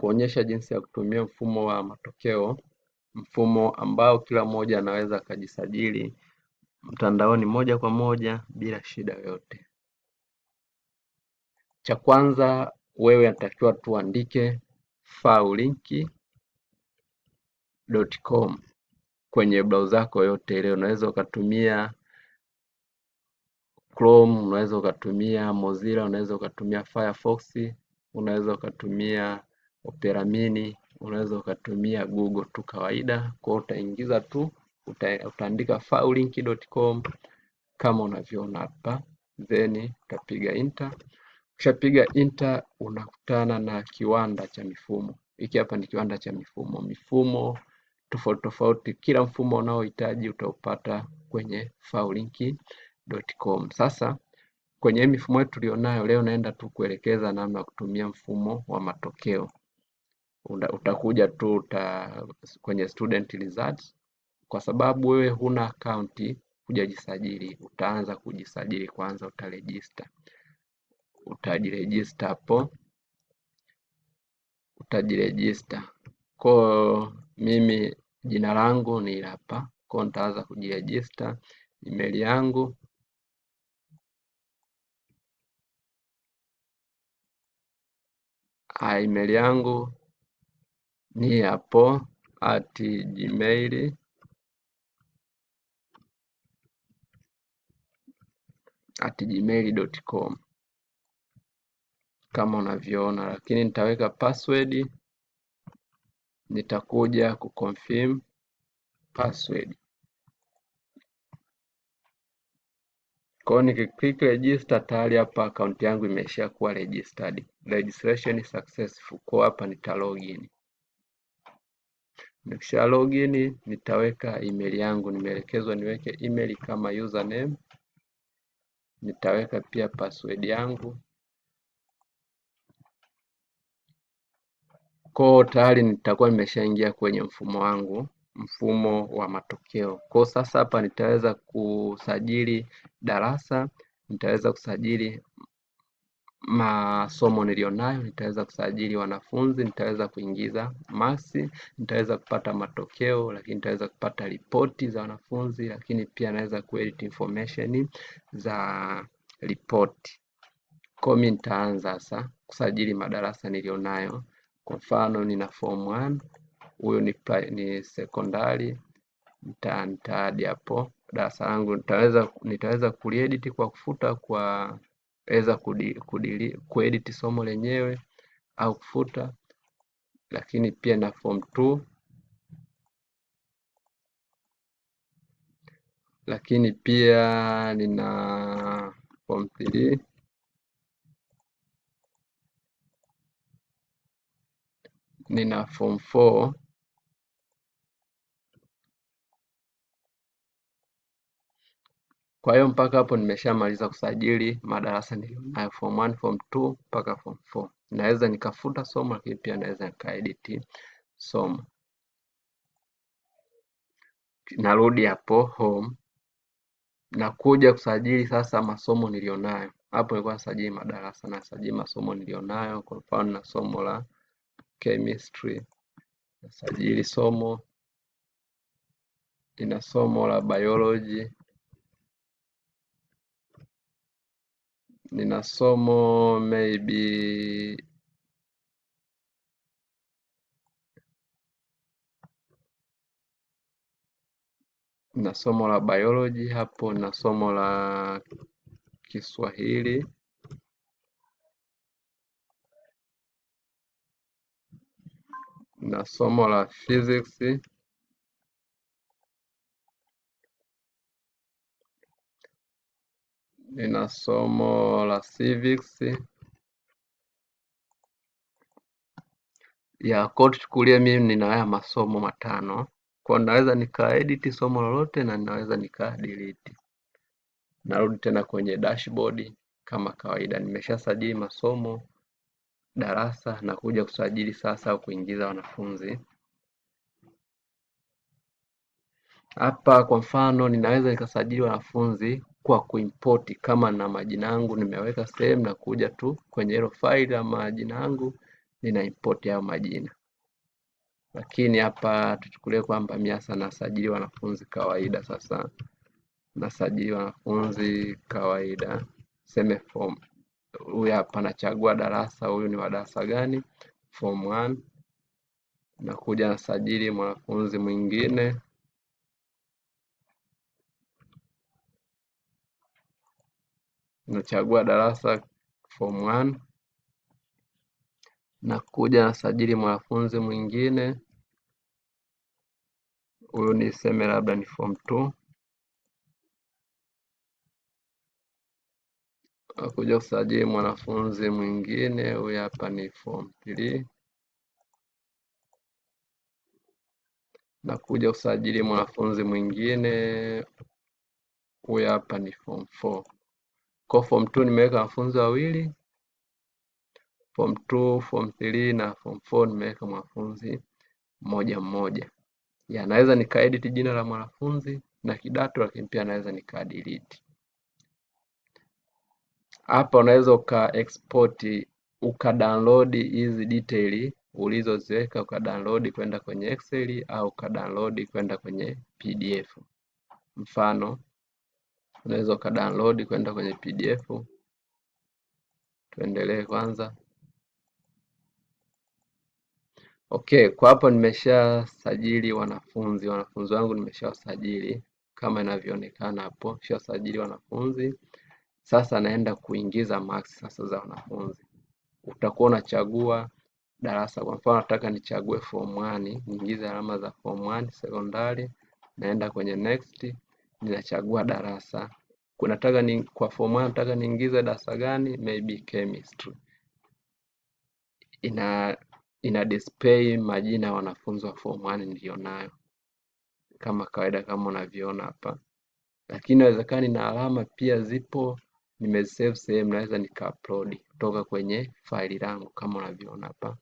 Kuonyesha jinsi ya kutumia mfumo wa matokeo, mfumo ambao kila mmoja anaweza akajisajili mtandaoni moja kwa moja bila shida yoyote. Cha kwanza wewe unatakiwa tuandike faulink.com kwenye browser yako yote ile, unaweza ukatumia Chrome, unaweza ukatumia Mozilla, unaweza ukatumia Firefox, unaweza ukatumia Operamini unaweza ukatumia Google tu kawaida, kwa hiyo utaingiza tu uta, utaandika faulink.com kama unavyoona hapa, then utapiga enter. Ukishapiga enter unakutana na kiwanda cha mifumo. Hiki hapa ni kiwanda cha mifumo, mifumo tofauti tofauti, kila mfumo unaohitaji utaupata kwenye faulink.com. Sasa kwenye mifumo yetu tulionayo leo, naenda tu kuelekeza namna ya kutumia mfumo wa matokeo utakuja tu uta, kwenye student results. Kwa sababu wewe huna akaunti hujajisajili, utaanza kujisajili kwanza, utarejista utajirejista hapo, utajirejista kwa mimi jina langu ni hapa, kwa nitaanza kujirejista email yangu ah, email yangu ni niapo at gmail at gmail.com kama unavyoona, lakini nitaweka password, nitakuja kuconfirm password. Kwa hiyo nikiklik register tayari hapa akaunti yangu imeshakuwa registered. Registration successful. Kwa hapa nita login. Nikisha login nitaweka email yangu, nimeelekezwa niweke email kama username. Nitaweka pia password yangu ko tayari nitakuwa nimeshaingia kwenye mfumo wangu, mfumo wa matokeo. Kwa sasa hapa nitaweza kusajili darasa, nitaweza kusajili masomo nilionayo, nitaweza kusajili wanafunzi, nitaweza kuingiza masi, nitaweza kupata matokeo, lakini nitaweza kupata ripoti za wanafunzi, lakini pia naweza kuedit information za ripoti. Kwa mimi nitaanza sasa kusajili madarasa nilionayo. Kwa mfano nina form 1 huyo ni, ni sekondari nitaadi hapo darasa langu nitaweza, nitaweza kuliedit kwa kufuta kwa weza kuedit somo lenyewe au kufuta, lakini pia na form 2 lakini pia nina form 3 nina form Kwa hiyo mpaka hapo nimeshamaliza kusajili madarasa nilionayo form 1, form 2 mpaka form 4. Naweza nikafuta somo lakini pia naweza nikaedit somo. Narudi hapo home kuja kusajili sasa masomo nilionayo. Hapo nilikuwa nasajili madarasa, nasajili masomo nilionayo. Kwa mfano na somo la chemistry nasajili somo, ina somo la biology nina somo maybe na somo la biology hapo na somo la Kiswahili na somo la physics nina somo la civics ya ko Chukulia mimi nina haya masomo matano kwa, ninaweza nikaediti somo lolote na ninaweza nikadelete. Narudi tena kwenye dashboard kama kawaida, nimeshasajili masomo darasa na kuja kusajili sasa au kuingiza wanafunzi hapa. Kwa mfano ninaweza nikasajili wanafunzi kwa kuimpoti kama na majina yangu nimeweka sehemu, na kuja tu kwenye hilo faili la majina yangu nina import hayo majina. Lakini hapa tuchukulie kwamba mimi sasa nasajili wanafunzi kawaida. Sasa nasajili wanafunzi kawaida, seme form huyu hapa, nachagua darasa, huyu ni wa darasa gani, form 1 nakuja nasajili mwanafunzi mwingine nachagua darasa form one, nakuja nasajili mwanafunzi mwingine, huyu ni seme labda ni form two. Nakuja kusajili mwanafunzi mwingine, huyu hapa ni form na Nakuja kusajili mwanafunzi mwingine, huyu hapa ni form four. Kwa form 2 nimeweka wanafunzi wawili, form 2, form 3 na form 4 nimeweka mwanafunzi mmoja mmoja. Ya, naweza nikaedit jina la mwanafunzi na kidato, lakini pia naweza nikadelete. Hapa unaweza uka export uka download hizi detail ulizoziweka uka download kwenda kwenye Excel au uka download kwenda kwenye PDF. Mfano unaweza download kwenda kwenye PDF. Tuendelee kwanza. Okay, kwa hapo sajili wanafunzi, wanafunzi wangu nimeshawasajili kama inavyoonekana hapo, shasajili wanafunzi. Sasa naenda kuingiza marks sasa za wanafunzi. Utakuwa unachagua darasa, kwa mfano nataka nichague form 1, niingize alama za form 1 sekondari, naenda kwenye next, ninachagua darasa Kunataka ni, kwa form moja nataka niingize darasa gani? Maybe chemistry. Ina ina display majina ya wanafunzi wa form 1 nilionayo kama kawaida, kama unavyoona hapa, lakini inawezekana ina alama pia zipo nimesave sehemu, naweza nika upload kutoka kwenye faili langu kama unavyoona hapa.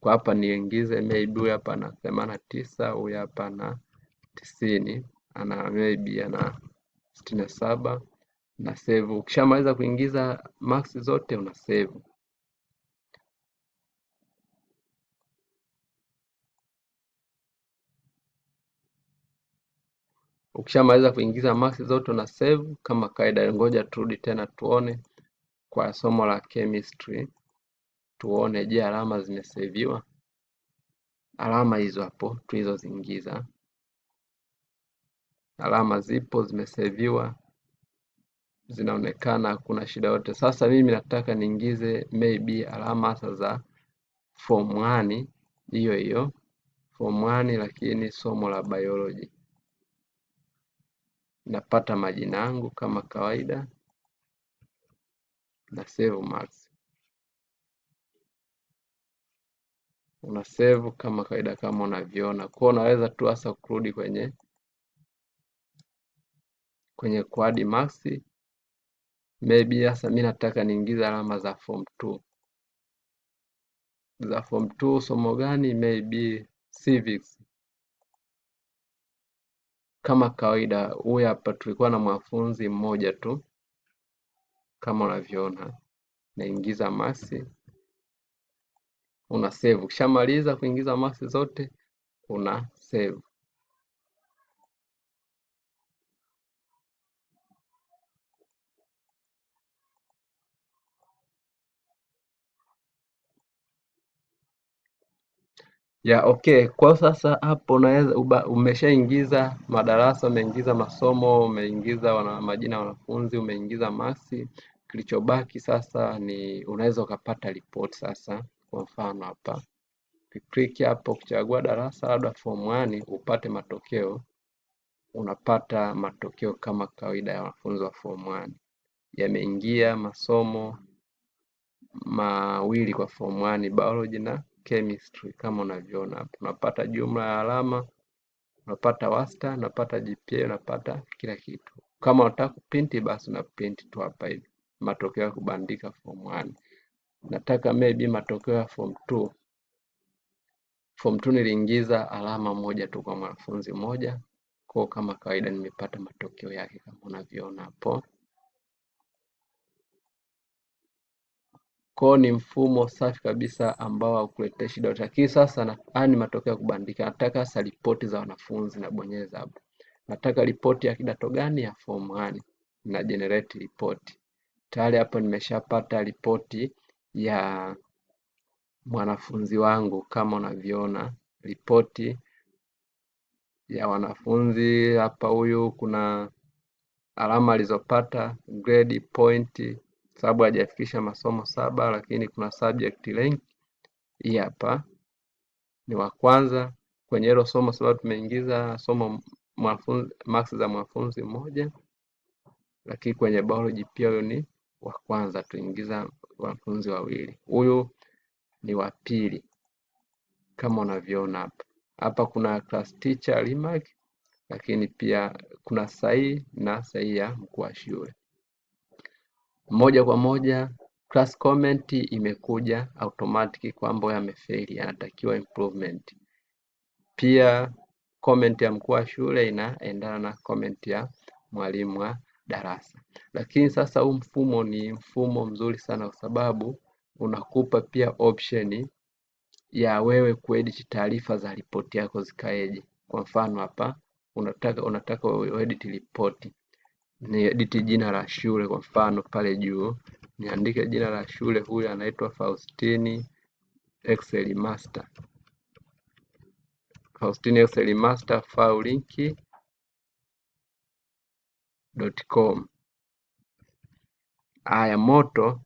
Kwa hapa niingize maybe huyu hapa na themanini na tisa huyu hapa na tisini ana maybe ana sitini na saba na save. Ukishamaliza kuingiza marks zote una save. Ukishamaliza kuingiza marks zote una save kama kawaida. Ngoja turudi tena tuone kwa somo la chemistry, tuone je, alama zimeseviwa? Alama hizo hapo tulizoziingiza, alama zipo zimeseviwa zinaonekana hakuna shida yote. Sasa mimi nataka niingize maybe alama hasa za form 1 hiyo hiyo form 1, lakini somo la biology. Napata majina yangu kama kawaida na save marks. Una save kama kawaida kama unavyoona, kwa unaweza tu hasa kurudi kwenye kwenye kuadi marks maybe hasa mi nataka niingize alama za form 2 za form 2 somo gani? Maybe civics. Kama kawaida, huyu hapa tulikuwa na mwanafunzi mmoja tu kama unavyoona, naingiza masi, una save. Ukishamaliza kuingiza masi zote, una save. ya okay kwa sasa hapo unaweza umeshaingiza madarasa umeingiza masomo umeingiza wana, majina ya wanafunzi umeingiza masi kilichobaki sasa ni unaweza ukapata report sasa kwa mfano hapa click hapo kuchagua darasa labda form 1 upate matokeo unapata matokeo kama kawaida ya wanafunzi wa form 1 yameingia masomo mawili kwa form 1 biology na chemistry kama unavyoona hapo. Unapata jumla ya alama, unapata wasta, unapata GPA, unapata kila kitu. Kama unataka kuprinti basi una print tu hapa hivi. Matokeo ya kubandika form 1. Nataka maybe matokeo ya form 2. Form 2 niliingiza alama moja tu kwa mwanafunzi mmoja. Kwa kama kawaida nimepata matokeo yake kama unavyoona hapo. Kwao ni mfumo safi kabisa ambao haukuletea shida. lakini sasa na haya ni matokeo ya kubandika. Nataka sasa ripoti za wanafunzi na bonyeza hapo. Nataka ripoti ya kidato gani ya form gani, na generate report. Tayari hapo nimeshapata ripoti ya mwanafunzi wangu kama unavyoona ripoti ya wanafunzi hapa. Huyu kuna alama alizopata grade point sababu hajafikisha masomo saba, lakini kuna subject rank hii hapa ni wa kwanza kwenye hilo somo, sababu tumeingiza somo max za mwanafunzi mmoja, lakini kwenye biology pia huyo ni wa kwanza, tuingiza wanafunzi wawili, huyu ni wa pili kama unavyoona hapa. Hapa kuna class teacher remark, lakini pia kuna sahihi na sahihi ya mkuu wa shule moja kwa moja class comment imekuja automatic kwamba amefeli, anatakiwa improvement. Pia comment ya mkuu wa shule inaendana na comment ya mwalimu wa darasa. Lakini sasa huu mfumo ni mfumo mzuri sana, kwa sababu unakupa pia option ya wewe kuedit taarifa za ripoti yako zikaeje. Kwa mfano hapa unataka unataka uedit ripoti niediti jina la shule kwa mfano pale juu, niandike jina la shule, huyu anaitwa Faustini Excel Master, Faustini Excel Master faulink.com. Haya, moto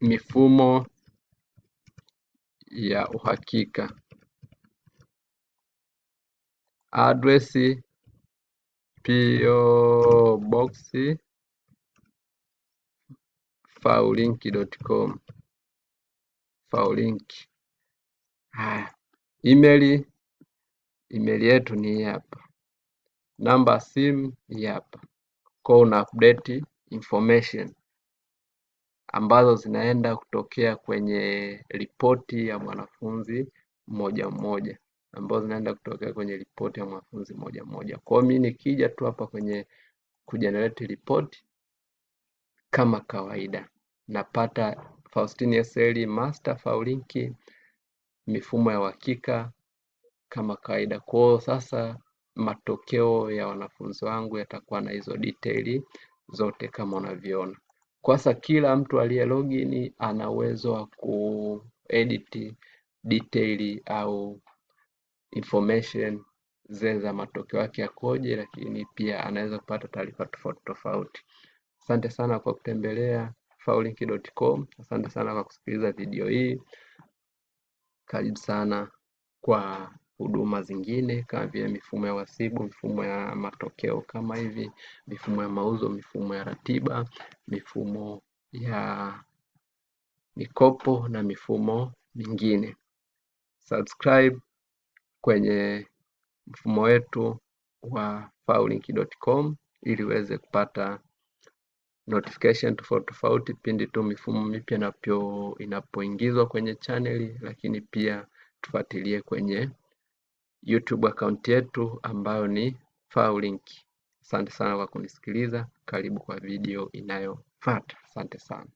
mifumo ya uhakika address PO Box faulink.com, faulink. Haya, email email yetu ni hapa, namba simu hapa, kwa una update information ambazo zinaenda kutokea kwenye ripoti ya mwanafunzi mmoja mmoja ambazo zinaenda kutokea kwenye ripoti ya mwanafunzi moja moja. Kwa hiyo mimi nikija tu hapa kwenye kujenerate report kama kawaida napata Faustini SL master Faulinki mifumo ya uhakika kama kawaida. Kwao sasa matokeo ya wanafunzi wangu yatakuwa na hizo detail zote kama unavyoona. Kwa sasa kila mtu aliye login ana uwezo wa kuedit detail au information zile za matokeo yake yakoje, lakini pia anaweza kupata taarifa tofauti tofauti. Asante sana kwa kutembelea faulink.com. Asante sana kwa kusikiliza video hii. Karibu sana kwa huduma zingine kama vile mifumo ya uhasibu, mifumo ya matokeo kama hivi, mifumo ya mauzo, mifumo ya ratiba, mifumo ya mikopo na mifumo mingine. Subscribe, kwenye mfumo wetu wa faulink.com ili uweze kupata notification tofauti tofauti pindi tu mifumo mipya inapoingizwa kwenye chaneli, lakini pia tufuatilie kwenye YouTube akaunti yetu ambayo ni Faulink. Asante sana kwa kunisikiliza. Karibu kwa video inayofuata. Asante sana.